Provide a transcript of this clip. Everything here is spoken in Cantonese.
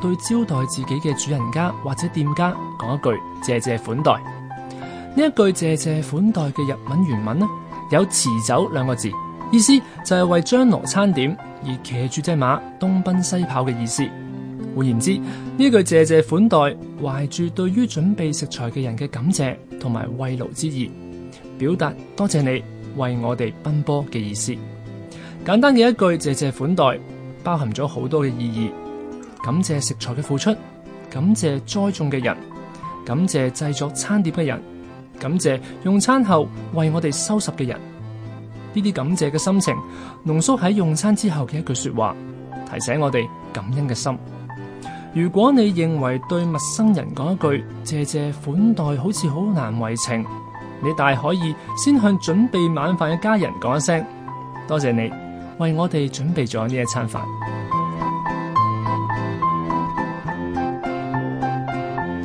對招待自己嘅主人家或者店家講一句謝謝款待。呢一句謝謝款待嘅日文原文呢，有馳走兩個字，意思就係為張羅餐點而騎住隻馬東奔西跑嘅意思。換言之，呢句謝謝款待，懷住對於準備食材嘅人嘅感謝同埋慰勞之意，表達多謝你為我哋奔波嘅意思。簡單嘅一句謝謝款待，包含咗好多嘅意義。感謝食材嘅付出，感謝栽種嘅人，感謝製作餐碟嘅人，感謝用餐後為我哋收拾嘅人。呢啲感謝嘅心情濃縮喺用餐之後嘅一句說話，提醒我哋感恩嘅心。如果你認為對陌生人講一句謝謝款待好似好難為情，你大可以先向準備晚飯嘅家人講一聲多謝你為我哋準備咗呢一餐飯。